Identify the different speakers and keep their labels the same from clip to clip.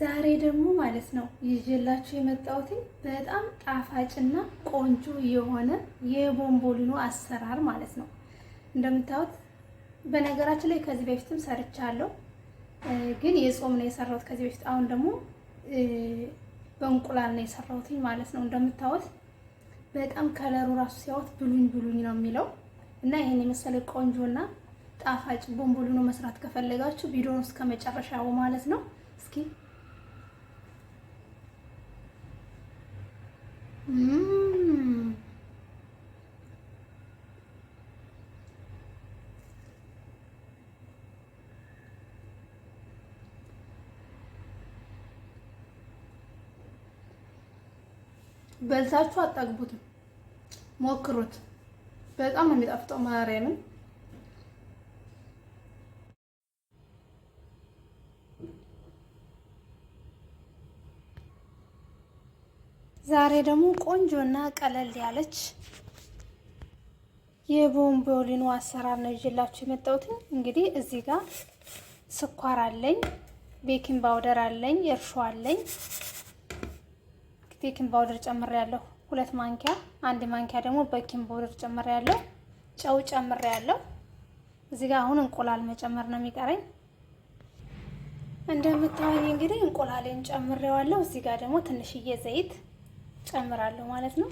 Speaker 1: ዛሬ ደግሞ ማለት ነው ይዤላችሁ የመጣሁት በጣም ጣፋጭና ቆንጆ የሆነ የቦንቦሊኖ አሰራር ማለት ነው። እንደምታዩት በነገራችን ላይ ከዚህ በፊትም ሰርቻለሁ፣ ግን የጾም ነው የሰራሁት ከዚህ በፊት። አሁን ደግሞ በእንቁላል ነው የሰራሁት ማለት ነው። እንደምታዩት በጣም ከለሩ ራሱ ሲያዩት ብሉኝ ብሉኝ ነው የሚለው እና ይሄን የመሰለ ቆንጆና ጣፋጭ ቦንቦሊኖ መስራት ከፈለጋችሁ ቪዲዮውን እስከ መጨረሻው ማለት ነው እስኪ በልታችሁ አጣግቡትም፣ ሞክሩት። በጣም ነው የሚጣፍጠው ማርያምን ዛሬ ደግሞ ቆንጆና ቀለል ያለች የቦምቦሊኑ አሰራር ነው ይዤላችሁ የመጣሁት። እንግዲህ እዚህ ጋር ስኳር አለኝ፣ ቤኪንግ ባውደር አለኝ፣ እርሾ አለኝ። ቤኪንግ ባውደር ጨምሬያለሁ ሁለት ማንኪያ፣ አንድ ማንኪያ ደግሞ ቤኪንግ ባውደር ጨምሬያለሁ። ጨው ጨምሬያለሁ። እዚህ ጋር አሁን እንቁላል መጨመር ነው የሚቀረኝ። እንደምታዩኝ እንግዲህ እንቁላሌን ጨምሬዋለሁ። እዚህ ጋር ደግሞ ትንሽዬ ዘይት ጨምራለሁ ማለት ነው።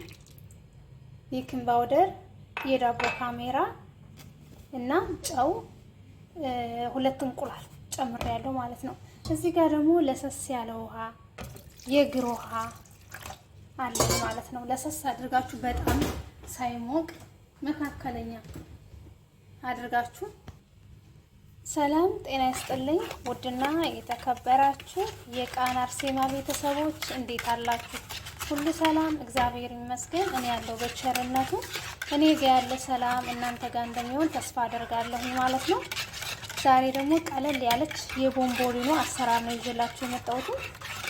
Speaker 1: ቤኪንግ ፓውደር፣ የዳቦ ካሜራ እና ጨው፣ ሁለት እንቁላል ጨምሬያለሁ ማለት ነው። እዚህ ጋር ደግሞ ለሰስ ያለ ውሃ የእግር ውሃ አለ ማለት ነው። ለሰስ አድርጋችሁ በጣም ሳይሞቅ መካከለኛ አድርጋችሁ ሰላም ጤና ይስጥልኝ። ውድና የተከበራችሁ የቃና አርሴማ ቤተሰቦች እንዴት አላችሁ? ሁሉ ሰላም እግዚአብሔር ይመስገን። እኔ ያለው በቸርነቱ እኔ ጋ ያለ ሰላም እናንተ ጋር እንደሚሆን ተስፋ አደርጋለሁ ማለት ነው። ዛሬ ደግሞ ቀለል ያለች የቦምቦሊኖ አሰራር ነው ይዤላችሁ የመጣሁት።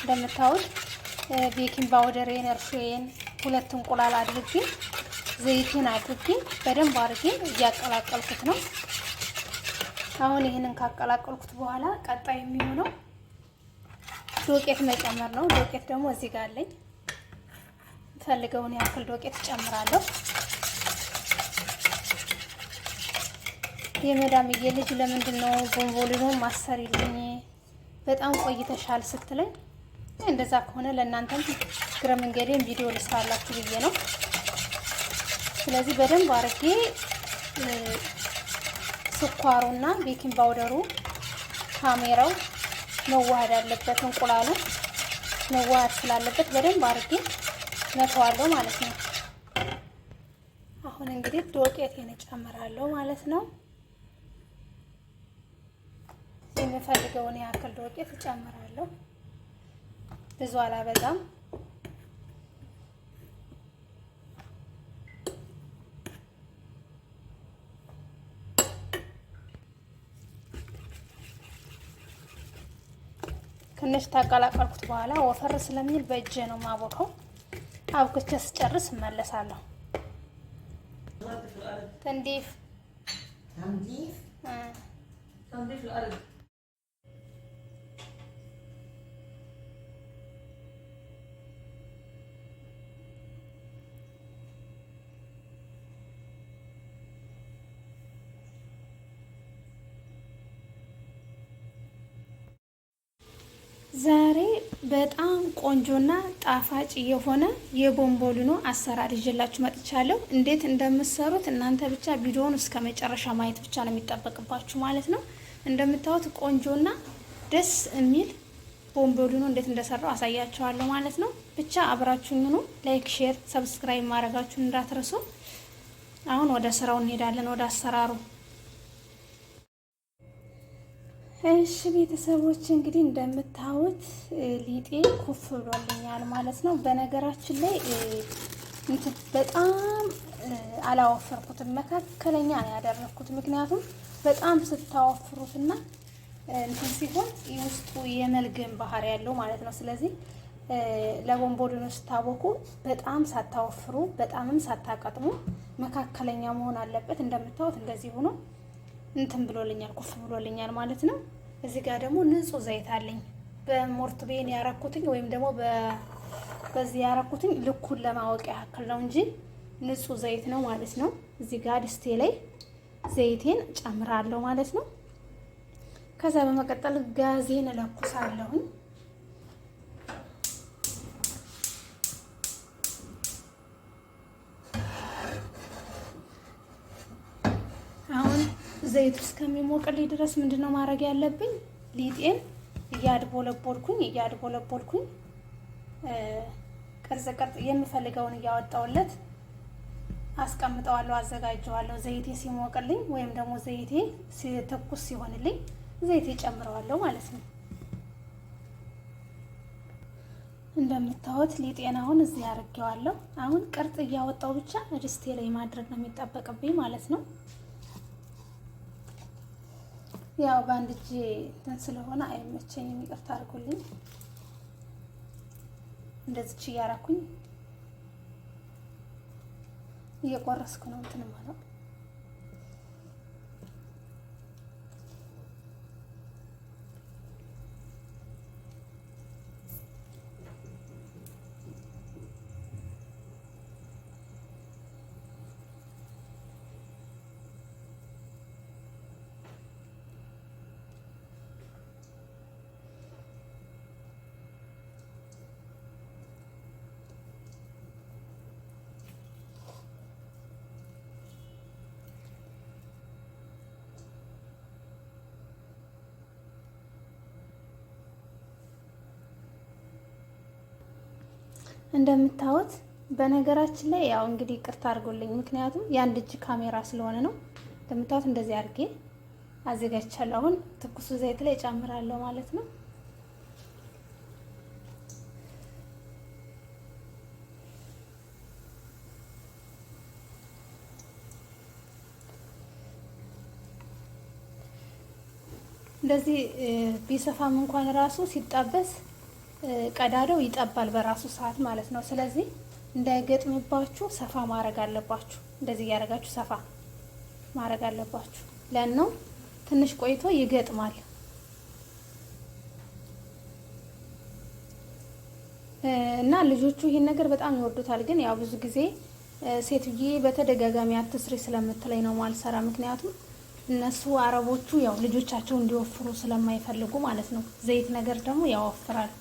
Speaker 1: እንደምታዩት ቤኪንግ ፓውደሬን፣ እርሾዬን ሁለት እንቁላል አድርጌ ዘይቴን አድርጌ በደንብ አድርጌ እያቀላቀልኩት ነው። አሁን ይህንን ካቀላቀልኩት በኋላ ቀጣይ የሚሆነው ዶቄት መጨመር ነው። ዶቄት ደግሞ እዚህ ጋር አለኝ ፈልገውን ያክል ዶቄት ጨምራለሁ። የመዳምዬ ልጅ ለምንድን ነው ቦንቦሊኖ ማሰሪልኝ በጣም ቆይተሻል ስትለኝ እንደዛ ከሆነ ለእናንተም ግረ መንገዴን ቪዲዮ ልስራላችሁ ብዬ ነው። ስለዚህ በደንብ አርጌ ስኳሩና ቤኪንግ ፓውደሩ ካሜራው መዋሃድ አለበት። እንቁላሉ መዋሃድ ስላለበት በደንብ አርጌ መተዋለሁ ማለት ነው። አሁን እንግዲህ ዱቄቴን እጨምራለሁ ማለት ነው። የምፈልገውን ያክል ዶቄት እጨምራለሁ። ብዙ አላበዛም። ትንሽ ታቀላቀልኩት በኋላ ወፈር ስለሚል በእጄ ነው ማቦከው። አብኩቼ ስጨርስ እመለሳለሁ። ተንዲፍ ዛሬ በጣም ቆንጆና ጣፋጭ የሆነ የቦንቦሊኖ አሰራር ይዤላችሁ መጥቻለሁ። እንዴት እንደምትሰሩት እናንተ ብቻ ቪዲዮውን እስከ መጨረሻ ማየት ብቻ ነው የሚጠበቅባችሁ ማለት ነው። እንደምታዩት ቆንጆና ደስ የሚል ቦንቦሊኖ እንዴት እንደሰራው አሳያችኋለሁ ማለት ነው። ብቻ አብራችሁኝ ሁኑ። ላይክ፣ ሼር፣ ሰብስክራይብ ማድረጋችሁን እንዳትረሱ። አሁን ወደ ስራው እንሄዳለን፣ ወደ አሰራሩ እሺ ቤተሰቦች እንግዲህ እንደምታዩት ሊጤ ኩፍ ብሎልኛል ማለት ነው። በነገራችን ላይ በጣም አላወፈርኩትም፣ መካከለኛ ያደረግኩት ምክንያቱም በጣም ስታወፍሩትና እንትን ሲሆን ውስጡ የመልግን ባህሪ ያለው ማለት ነው። ስለዚህ ለቦንቦሊኖ ስታወቁ በጣም ሳታወፍሩ በጣምም ሳታቀጥሙ መካከለኛ መሆን አለበት። እንደምታዩት እንደዚህ ሆኖ እንትን ብሎልኛል፣ ኩፍ ብሎልኛል ማለት ነው። እዚህ ጋር ደግሞ ንጹህ ዘይት አለኝ። በሞርት ቤን ያረኩትኝ ወይም ደግሞ በዚህ ያረኩትኝ ልኩን ለማወቅ ያክል ነው እንጂ ንጹህ ዘይት ነው ማለት ነው። እዚህ ጋር ድስቴ ላይ ዘይቴን ጨምራለሁ ማለት ነው። ከዛ በመቀጠል ጋዜን እለኩሳለሁኝ። ዘይቱ እስከሚሞቅልኝ ድረስ ምንድን ነው ማድረግ ያለብኝ? ሊጤን እያድቦለቦልኩኝ እያድቦለቦልኩኝ ቅርጽ ቅርጽ የምፈልገውን እያወጣውለት አስቀምጠዋለሁ፣ አዘጋጀዋለሁ። ዘይቴ ሲሞቅልኝ ወይም ደግሞ ዘይቴ ትኩስ ሲሆንልኝ ዘይቴ ጨምረዋለሁ ማለት ነው። እንደምታዩት ሊጤን አሁን እዚህ አድርጌዋለሁ። አሁን ቅርጽ እያወጣው ብቻ ድስቴ ላይ ማድረግ ነው የሚጠበቅብኝ ማለት ነው። ያው በአንድ እጅ እንትን ስለሆነ አይመቸኝም፣ ይቅርታ አድርጉልኝ። እንደዚች እያራኩኝ እየቆረስኩ ነው እንትን ማለት እንደምታዩት በነገራችን ላይ ያው እንግዲህ ቅርታ አድርጎልኝ፣ ምክንያቱም የአንድ እጅ ካሜራ ስለሆነ ነው። እንደምታዩት እንደዚህ አድርጌ አዘጋጅቻለሁ። አሁን ትኩሱ ዘይት ላይ እጨምራለሁ ማለት ነው። እንደዚህ ቢሰፋም እንኳን ራሱ ሲጣበስ ቀዳዳው ይጠባል በራሱ ሰዓት ማለት ነው። ስለዚህ እንዳይገጥምባችሁ ሰፋ ማድረግ አለባችሁ። እንደዚህ እያደረጋችሁ ሰፋ ማድረግ አለባችሁ። ለነው ትንሽ ቆይቶ ይገጥማል። እና ልጆቹ ይህን ነገር በጣም ይወዱታል። ግን ያው ብዙ ጊዜ ሴትዬ በተደጋጋሚ አትስሪ ስለምትለኝ ነው ማልሰራ። ምክንያቱም እነሱ አረቦቹ ያው ልጆቻቸው እንዲወፍሩ ስለማይፈልጉ ማለት ነው። ዘይት ነገር ደግሞ ያወፍራል።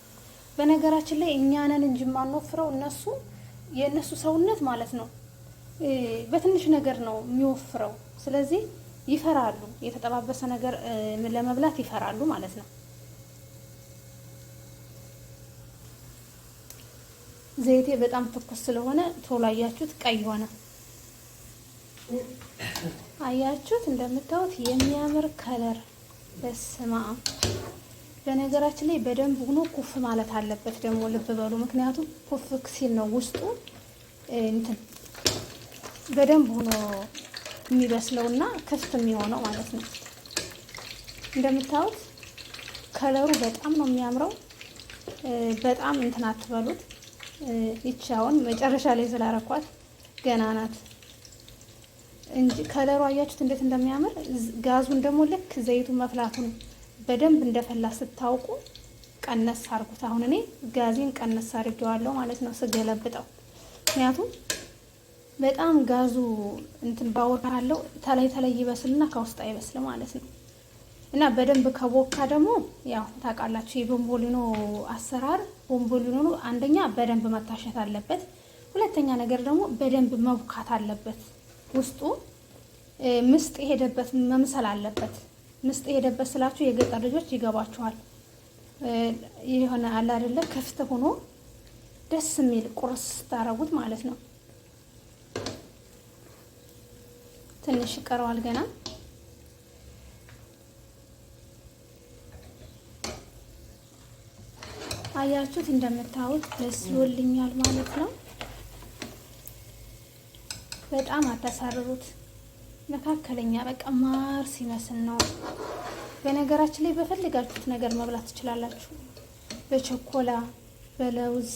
Speaker 1: በነገራችን ላይ እኛንን እንጂ የማንወፍረው እነሱ የእነሱ ሰውነት ማለት ነው በትንሽ ነገር ነው የሚወፍረው። ስለዚህ ይፈራሉ፣ የተጠባበሰ ነገር ለመብላት ይፈራሉ ማለት ነው። ዘይቴ በጣም ትኩስ ስለሆነ ቶሎ አያችሁት፣ ቀይ ሆነ። አያችሁት? እንደምታዩት የሚያምር ከለር በስማ በነገራችን ላይ በደንብ ሆኖ ኩፍ ማለት አለበት ደግሞ ልብ በሉ። ምክንያቱም ኩፍ ሲል ነው ውስጡ እንትን በደንብ ሆኖ የሚበስለው ና ክፍት የሚሆነው ማለት ነው። እንደምታዩት ከለሩ በጣም ነው የሚያምረው። በጣም እንትን አትበሉት። ይቻውን መጨረሻ ላይ ስላረኳት ገና ናት እንጂ ከለሩ አያችሁት እንዴት እንደሚያምር። ጋዙን ደግሞ ልክ ዘይቱን መፍላቱን በደንብ እንደፈላ ስታውቁ ቀነስ አርጉት። አሁን እኔ ጋዜን ቀነስ አርጌዋለሁ ማለት ነው ስገለብጠው፣ ምክንያቱም በጣም ጋዙ እንትን ባወር ካለው ተላይ ተላይ ይበስልና ከውስጥ አይበስል ማለት ነው። እና በደንብ ከቦካ ደግሞ ያው ታውቃላችሁ የቦምቦሊኖ አሰራር ቦምቦሊኖ አንደኛ በደንብ መታሸት አለበት፣ ሁለተኛ ነገር ደግሞ በደንብ መቡካት አለበት። ውስጡ ምስጥ የሄደበት መምሰል አለበት። ምስጥ ሄደበት ስላችሁ የገጠር ልጆች ይገባችኋል። የሆነ አለ አይደለ ክፍት ሆኖ ደስ የሚል ቁርስ ስታረጉት ማለት ነው። ትንሽ ይቀረዋል ገና አያችሁት፣ እንደምታዩት ይወልኛል ማለት ነው። በጣም አታሳርሩት። መካከለኛ በቃ ማር ሲመስል ነው። በነገራችን ላይ በፈለጋችሁት ነገር መብላት ትችላላችሁ። በቸኮላ በለውዝ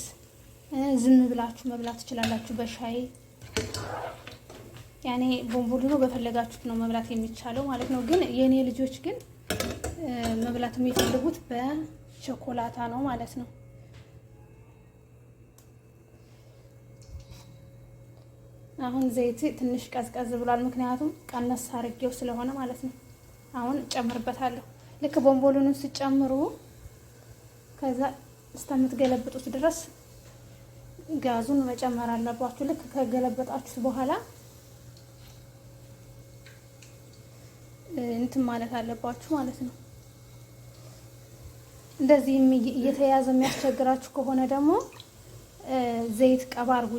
Speaker 1: ዝም ብላችሁ መብላት ትችላላችሁ። በሻይ ያኔ ቦምቦሊኖ በፈለጋችሁት ነው መብላት የሚቻለው ማለት ነው። ግን የእኔ ልጆች ግን መብላት የሚፈልጉት በቸኮላታ ነው ማለት ነው። አሁን ዘይት ትንሽ ቀዝቀዝ ብሏል። ምክንያቱም ቀነስ አርጌው ስለሆነ ማለት ነው። አሁን ጨምርበታለሁ። ልክ ቦምቦሉን ስጨምሩ ከዛ እስከምትገለብጡት ድረስ ጋዙን መጨመር አለባችሁ። ልክ ከገለበጣችሁት በኋላ እንትን ማለት አለባችሁ ማለት ነው። እንደዚህ እየተያዘ የሚያስቸግራችሁ ከሆነ ደግሞ ዘይት ቀባ አርጉ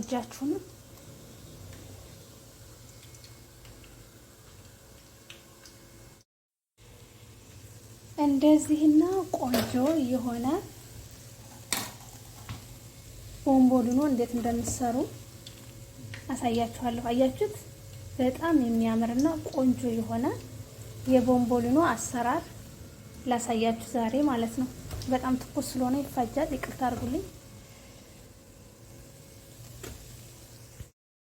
Speaker 1: እንደዚህና ቆንጆ የሆነ ቦምቦሊኖ እንዴት እንደምትሰሩ አሳያችኋለሁ። አያችሁት? በጣም የሚያምርና ቆንጆ የሆነ የቦምቦሊኖ አሰራር ላሳያችሁ ዛሬ ማለት ነው። በጣም ትኩስ ስለሆነ ይፋጃል፣ ይቅርታ አድርጉልኝ።